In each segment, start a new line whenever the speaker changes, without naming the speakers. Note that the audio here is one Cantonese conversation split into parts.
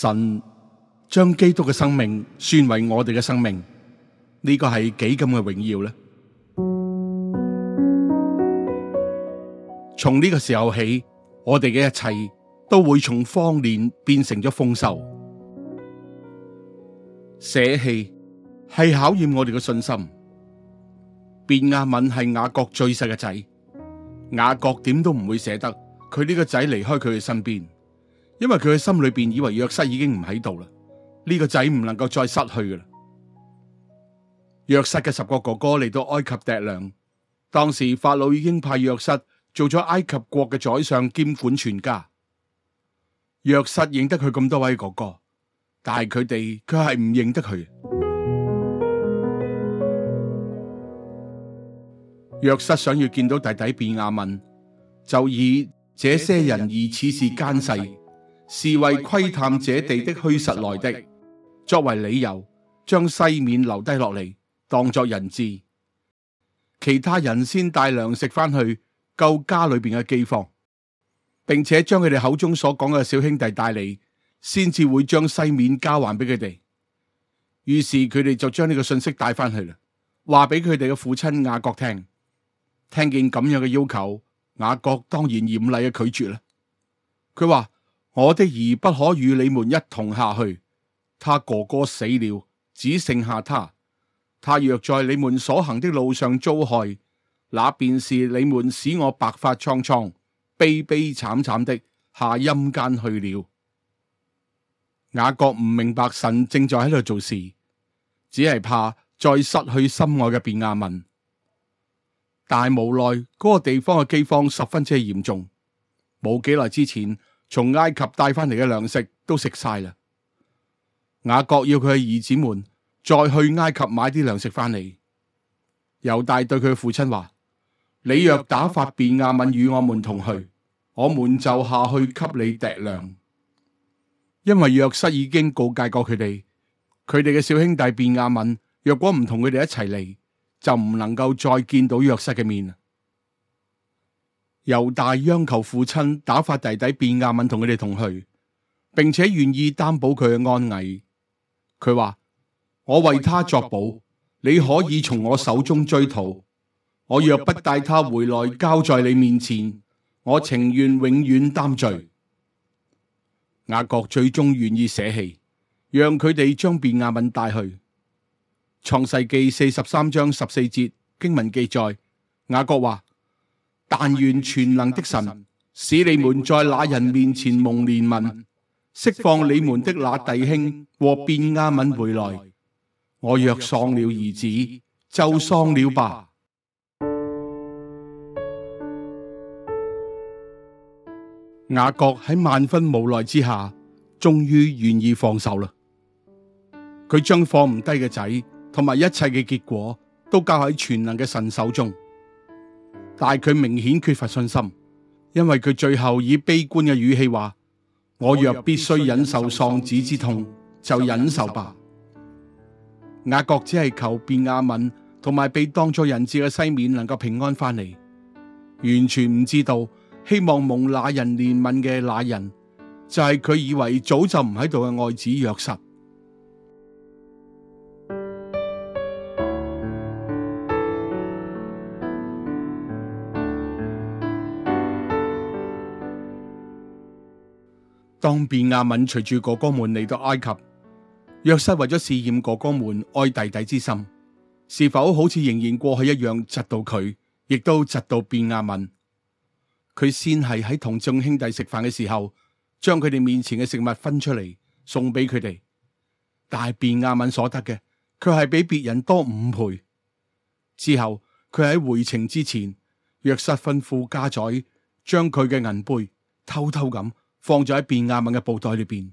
神將基督嘅生命算為我哋嘅生命，呢個係幾咁嘅榮耀呢？從呢個時候起，我哋嘅一切都會從荒年變成咗豐收。捨棄係考驗我哋嘅信心。便雅憫係雅各最細嘅仔，雅各點都唔會捨得佢呢個仔離開佢嘅身邊。因為佢喺心裏邊以為約瑟已經唔喺度啦，呢、這個仔唔能夠再失去噶啦。約瑟嘅十個哥哥嚟到埃及糴糧，當時法老已經派約瑟做咗埃及國嘅宰相兼管全家。約瑟認得佢咁多位哥哥，但係佢哋卻係唔認得佢。約瑟想要見到弟弟便雅憫，就以這些人而此是奸細，是為窺探這地的虛實來的，作為理由，將西面留低落嚟，當作人質。其他人先帶糧食翻去救家裏邊嘅饑荒，並且將佢哋口中所講嘅小兄弟帶嚟，先至會將西面交還俾佢哋。於是佢哋就將呢個信息帶翻去啦，話俾佢哋嘅父親雅各聽。聽見咁樣嘅要求，雅各當然嚴厲嘅拒絕啦。佢話。我的兒不可與你們一同下去，他哥哥死了，只剩下他。他若在你們所行的路上遭害，那便是你們使我白髮蒼蒼、悲悲慘慘，慘的下陰間去了。雅各唔明白神正在喺度做事，只係怕再失去心愛嘅便雅憫。但係無奈嗰、那個地方嘅饑荒十分之嚴重，冇幾耐之前。從埃及帶翻嚟嘅糧食都食晒啦，雅各要佢嘅兒子們再去埃及買啲糧食翻嚟。猶大對佢父親話：， 你若打發便雅憫與我們同去，我們就下去給你糴糧。因為約瑟已經告誡過佢哋，佢哋嘅小兄弟便雅憫，若果唔同佢哋一齊嚟，就唔能夠再見到約瑟嘅面。猶大央求父親打發弟弟便雅憫同佢哋同去，並且願意擔保佢嘅安危。佢話：我為他作保，你可以從我手中追討。我若不帶他回來交在你面前，我情願永遠擔罪。雅各最終願意捨棄，讓佢哋將便雅憫帶去。創世記四十三章十四節經文記載：雅各話。但願全能的神使你們在那人面前蒙憐憫，釋放你們的那弟兄和便雅憫回來。我若喪了兒子，就喪了吧。雅各喺萬分無奈之下，終於願意放手啦。佢將放唔低嘅仔同埋一切嘅結果，都交喺全能嘅神手中。但佢明顯缺乏信心，因為佢最後以悲觀嘅語氣話：我若必須忍受喪子之痛，忍之痛就忍受吧。雅各只係求便雅憫同埋被當作人質嘅西面能夠平安翻嚟，完全唔知道希望蒙那人憐憫嘅那人，就係、是、佢以為早就唔喺度嘅愛子約瑟。當便雅憫隨住哥哥們嚟到埃及，約瑟為咗試驗哥哥們愛弟弟之心，是否好似仍然過去一樣，窒到佢，亦都窒到便雅憫。佢先係喺同眾兄弟食飯嘅時候，將佢哋面前嘅食物分出嚟送俾佢哋，但係便雅憫所得嘅，佢係比別人多五倍。之後佢喺回程之前，約瑟吩咐家宰將佢嘅銀杯偷偷咁。放咗喺便雅憫嘅布袋裏邊，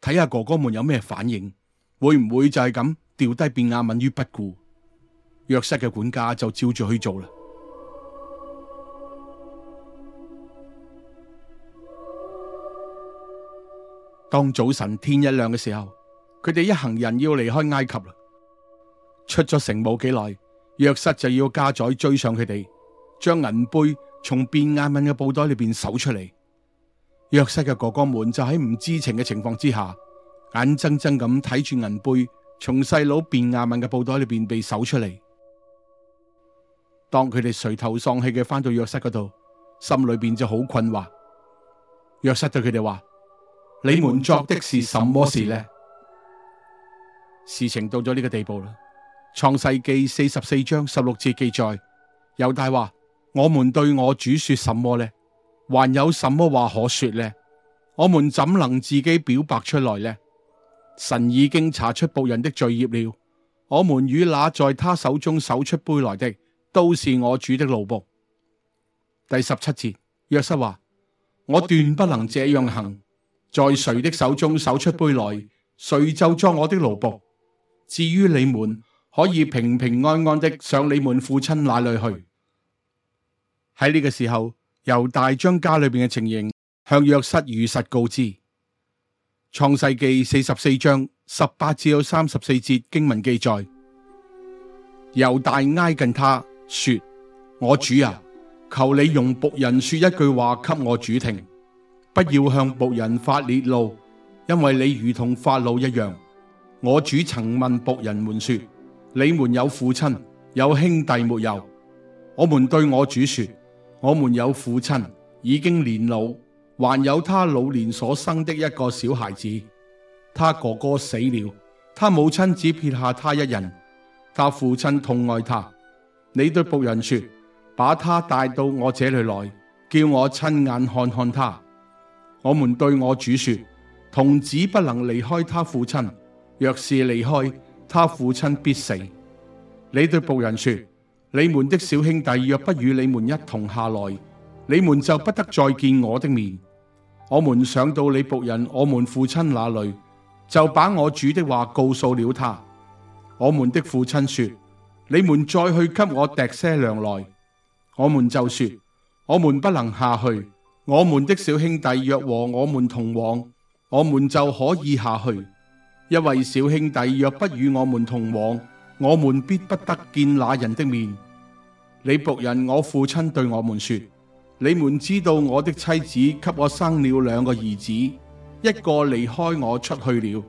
睇下哥哥們有咩反應，會唔會就係咁掉低便雅憫於不顧？約瑟嘅管家就照住去做啦。當早晨天一亮嘅時候，佢哋一行人要離開埃及啦。出咗城冇幾耐，約瑟就要家宰追上佢哋，將銀杯從便雅憫嘅布袋裏邊搜出嚟。約瑟嘅哥哥們就喺唔知情嘅情況之下，眼睜睜咁睇住銀杯從細佬便雅憫嘅布袋裏邊被搜出嚟。當佢哋垂頭喪氣嘅返到約瑟嗰度，心裏邊就好困惑。約瑟對佢哋話：你們作的是什麼事呢？事情到咗呢個地步啦。創世記四十四章十六節記載：猶大話：我們對我主說什麼呢？還有什麼話可說呢？我們怎能自己表白出來呢？神已經查出僕人的罪孽了，我們與那在他手中搜出杯來的，都是我主的奴僕。第十七節，約瑟話：我斷不能這樣行，在誰的手中搜出杯來，誰就作我的奴僕。至於你們，可以平平安安的上你們父親那裏去。喺呢個時候。猶大將家裏邊嘅情形向約瑟如實告知。創世記四十四章十八至到三十四節經文記載，猶大挨近他說：我主啊，求你用僕人說一句話給我主聽，不要向僕人發烈怒，因為你如同法老一樣。我主曾問僕人們說：你們有父親有兄弟沒有？我們對我主說。我們有父親，已經年老，還有他老年所生的一個小孩子。他哥哥死了，他母親只撇下他一人。他父親疼愛他。你對僕人說，把他帶到我這裏來，叫我親眼看看他。我們對我主說，童子不能離開他父親，若是離開，他父親必死。你對僕人說。你們的小兄弟若不與你們一同下來，你們就不得再見我的面。我們上到你僕人我們父親那裏，就把我主的話告訴了他。我們的父親說：你們再去給我糴些糧來。我們就說：我們不能下去。我們的小兄弟若和我們同往，我們就可以下去。因為小兄弟若不與我們同往，我們必不得見那人的面。你僕人我父親對我們說：你們知道我的妻子給我生了兩個兒子，一個離開我出去了。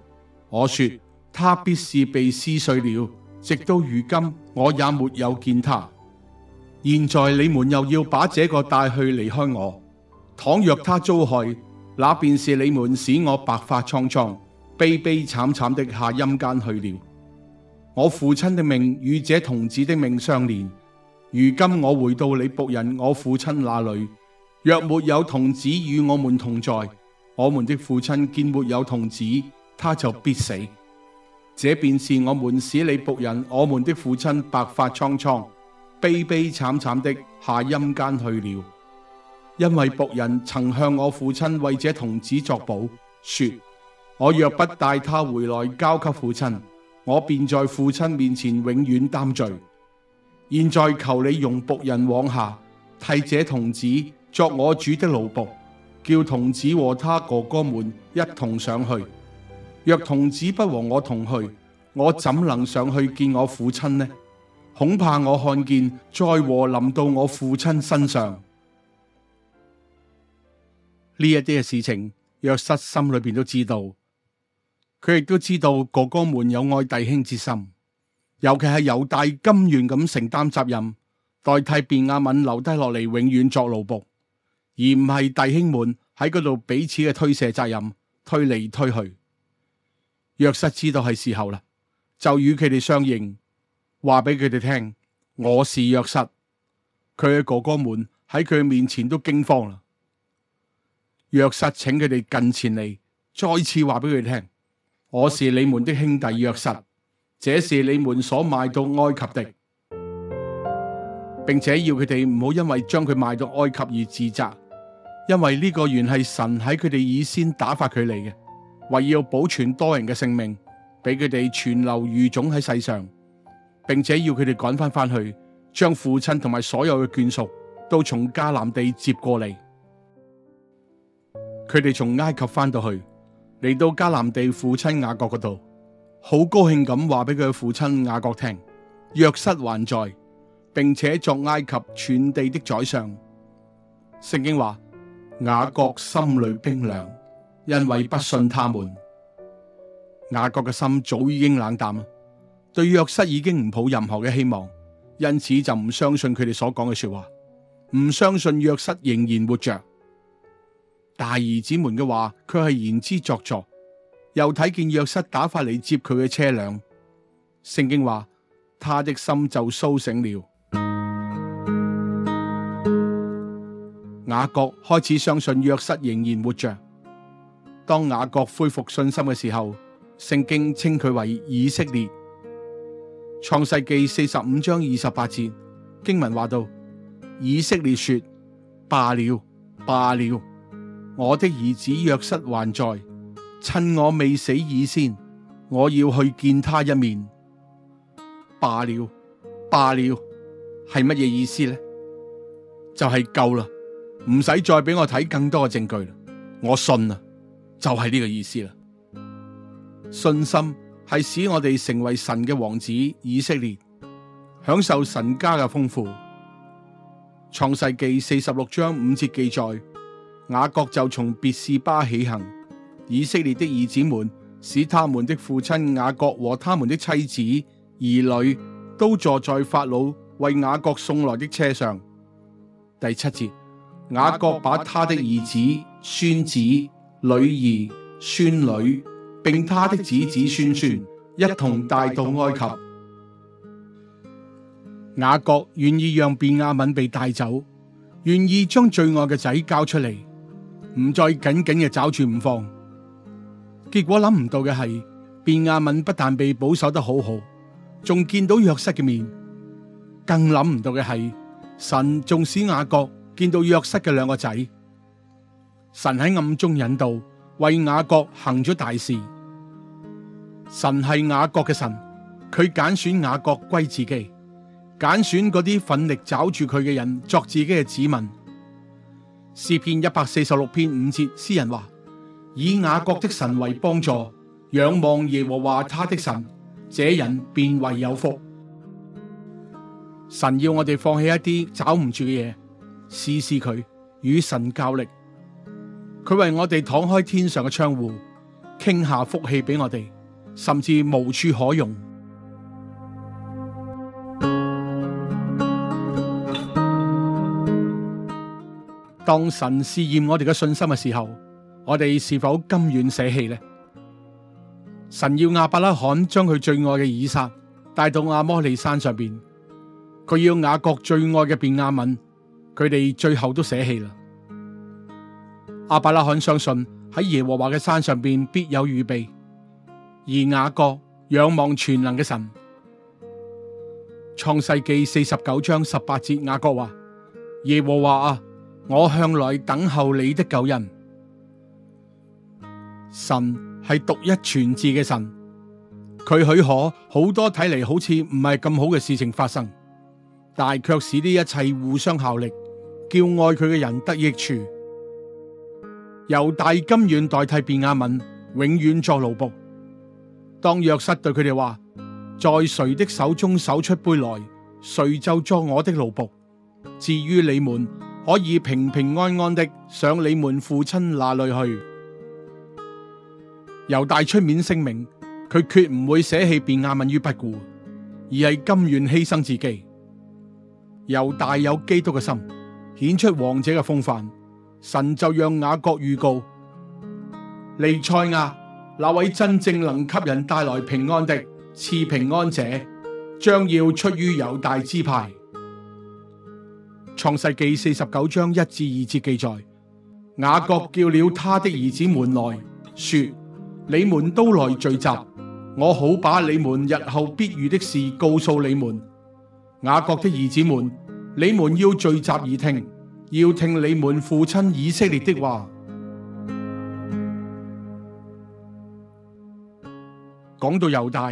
我說他必是被撕碎了，直到如今我也沒有見他。現在你們又要把這個帶去離開我，倘若他遭害，那便是你們使我白髮蒼蒼、悲悲慘慘慘的下陰間去了。我父親的命與這童子的命相連，如今我回到你僕人我父親那裏，若沒有童子與我們同在，我們的父親見沒有童子，他就必死。這便是我們使你僕人我們的父親白髮蒼蒼、悲悲慘慘慘的下陰間去了，因為僕人曾向我父親為這童子作保，說我若不帶他回來交給父親。我便在父親面前永遠擔罪。現在求你容僕人往下替這童子作我主的奴僕，叫童子和他哥哥們一同上去。若童子不和我同去，我怎能上去見我父親呢？恐怕我看見災禍臨到我父親身上。呢一啲嘅事情，約瑟心裏邊都知道。佢亦都知道哥哥們有愛弟兄之心，尤其係猶大甘願咁承擔責任，代替便雅憫留低落嚟永遠作奴僕，而唔係弟兄們喺嗰度彼此嘅推卸責任，推嚟推去。約瑟知道係時候啦，就與佢哋相認，話俾佢哋聽，我是約瑟。佢嘅哥哥們喺佢面前都驚慌啦。約瑟請佢哋近前嚟，再次話俾佢哋聽。我是你們的兄弟約瑟，這是你們所賣到埃及的。並且要佢哋唔好因為將佢賣到埃及而自責，因為呢個原係神喺佢哋以先打發佢哋嘅，為要保存多人嘅性命，俾佢哋存留餘種喺世上，並且要佢哋趕返返去，將父親同埋所有嘅眷屬都從迦南地接過嚟。佢哋從埃及返到去，嚟到迦南地，父親雅各嗰度，好高興咁話俾佢父親雅各聽，約瑟還在，並且作埃及全地的宰相。聖經話，雅各心裏冰涼，因為不信他們。雅各嘅心早已經冷淡啦，對約瑟已經唔抱任何嘅希望，因此就唔相信佢哋所講嘅說話，唔相信約瑟仍然活着。大兒子們嘅話，佢係言之鑿鑿，又睇見約瑟打發嚟接佢嘅車輛。聖經話，他的心就蘇醒了。雅各開始相信約瑟仍然活着。當雅各恢復信心嘅時候，聖經稱佢為以色列。創世紀四十五章二十八節經文話到，以色列說：罷了，罷了。我的兒子約瑟還在，趁我未死以先，我要去見他一面。罷了，罷了，係乜嘢意思咧？就係夠啦，唔使再俾我睇更多嘅證據啦。我信啊，就係呢個意思啦。信心係使我哋成為神嘅王子以色列，享受神家嘅豐富。創世記四十六章五節記載。雅各就從別是巴起行，以色列的兒子們使他們的父親雅各和他們的妻子、兒女都坐在法老為雅各送來的車上。第七節，雅各把他的兒子、孫子、女兒、孫女，並他的子子孫孫一同帶到埃及。雅各願意讓便雅憫被帶走，願意將最愛嘅仔交出嚟。唔再緊緊嘅抓住唔放，結果諗唔到嘅係，便雅憫不但被保守得好好，仲見到約瑟嘅面，更諗唔到嘅係，神仲使雅各見到約瑟嘅兩個仔，神喺暗中引導，為雅各行咗大事。神係雅各嘅神，佢揀選雅各歸自己，揀選嗰啲奮力抓住佢嘅人作自己嘅子民。詩篇一百四十六篇五節，詩人話：以雅各的神為幫助，仰望耶和華他的神，這人便為有福。神要我哋放棄一啲找唔住嘅嘢，試試佢與神交力，佢為我哋敞開天上嘅窗戶，傾下福氣俾我哋，甚至無處可容。當神試驗我哋嘅信心嘅時候，我哋是否甘願捨棄呢？神要亞伯拉罕將佢最愛嘅以撒帶到阿摩利山上邊，佢要雅各最愛嘅便雅憫，佢哋最後都捨棄啦。亞伯拉罕相信喺耶和華嘅山上邊必有預備，而雅各仰望全能嘅神。創世記四十九章十八節，雅各話：耶和華啊！我向來等候你的救恩。神係獨一全智嘅神，佢許可好多睇嚟好似唔係咁好嘅事情發生，但係卻使呢一切互相效力，叫愛佢嘅人得益處。猶大甘願代替便雅憫，永遠作奴僕。當約瑟對佢哋話：在誰的手中搜出杯來，誰就作我的奴僕。至於你們。可以平平安安的上你們父親那裏去。猶大出面聲明，佢決唔會捨棄便雅憫於不顧，而係甘願犧牲自己。猶大有基督嘅心，顯出王者嘅風範。神就讓雅各預告，利賽亞那位真正能給人帶來平安的賜平安者，將要出於猶大支派。創世記四十九章一至二節記載，雅各叫了他的兒子們來說：你們都來聚集，我好把你們日後必遇的事告訴你們。雅各的兒子們，你們要聚集而聽，要聽你們父親以色列的話。講到猶大，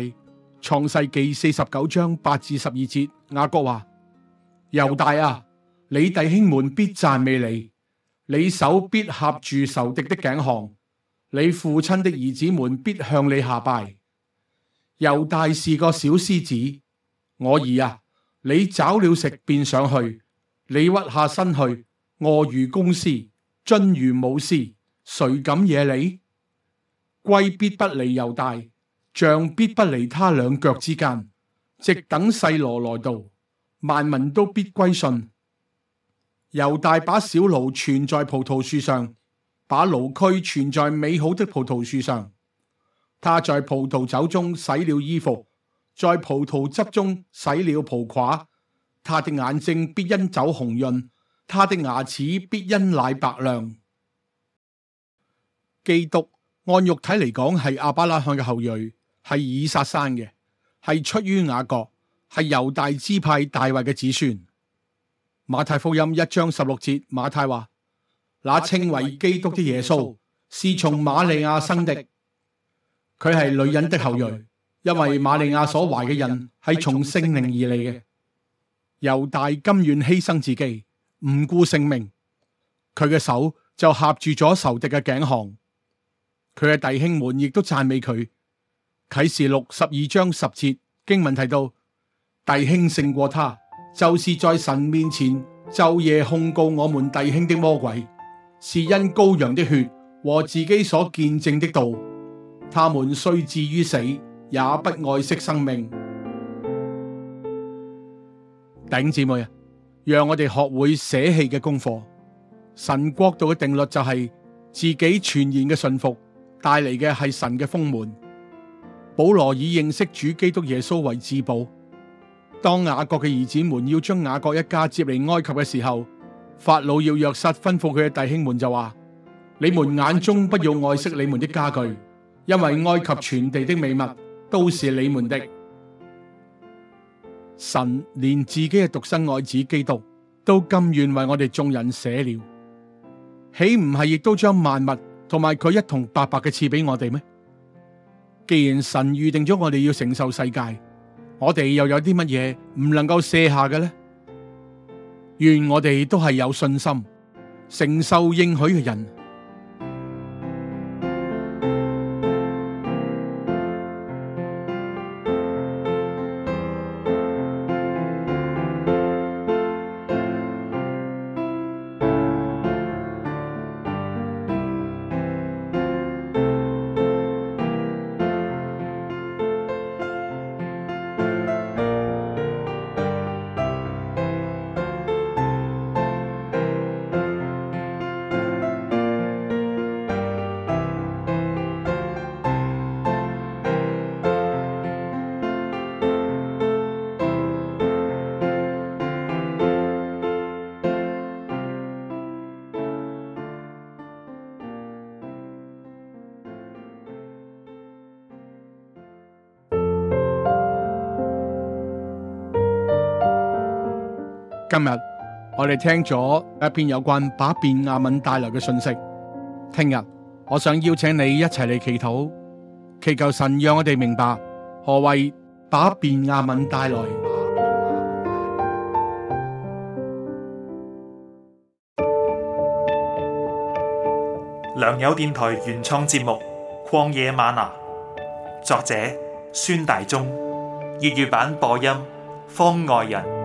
創世記四十九章八至十二節，雅各話：猶大啊！你弟兄們必讚美你，你手必合住仇敵的頸項，你父親的兒子們必向你下拜。猶大是個小獅子，我兒啊，你抓了食便上去，你屈下身去，臥如公獅，蹲如母獅，誰敢惹你？圭必不離猶大，杖必不離他兩腳之間，直等細羅來到，萬民都必歸順。猶大把小驢拴在葡萄樹上，把驢駒存在美好的葡萄樹上。他在葡萄酒中洗了衣服，在葡萄汁中洗了袍褂。他的眼睛必因酒紅潤，他的牙齒必因奶白亮。基督按肉體嚟講係亞伯拉罕嘅後裔，係以撒生嘅，係出於雅各，係猶大支派大衛嘅子孫。馬太福音一章十六節，馬太話：那稱為基督的耶穌是從瑪利亞生的，佢係女人的後裔，因為瑪利亞所懷嘅人係從聖靈而嚟嘅。猶大甘願犧牲自己，唔顧性命，佢嘅手就合住咗仇敵嘅頸項，佢嘅弟兄們亦都讚美佢。啟示錄十二章十節經文提到，弟兄勝過他。就是在神面前晝夜控告我們弟兄的魔鬼，是因羔羊的血和自己所見證的道，他們雖至於死，也不愛惜生命。頂姊妹，讓我哋學會捨棄嘅功課。神國度嘅定律就係、是、自己全然嘅順服，帶嚟嘅係神嘅豐滿。保羅以認識主基督耶穌為至寶。當雅各嘅兒子們要將雅各一家接嚟埃及嘅時候，法老要約瑟吩咐佢嘅弟兄們就話：你們眼中不要愛惜你們的家具，因為埃及全地的美物都是你們的。神連自己嘅獨生愛子基督都甘願為我哋眾人捨了，豈唔係亦都將萬物同埋佢一同白白嘅賜俾我哋咩？既然神預定咗我哋要承受世界。我哋又有啲乜嘢唔能夠卸下嘅咧？願我哋都係有信心承受應許嘅人。今日我哋聽咗一篇有關把便雅憫帶來嘅信息。聽日我想邀請你一齊嚟祈禱，祈求神讓我哋明白何謂把便雅憫帶來。良友電台原創節目《曠野嗎哪》，作者孫大中，粵語版播音方外人。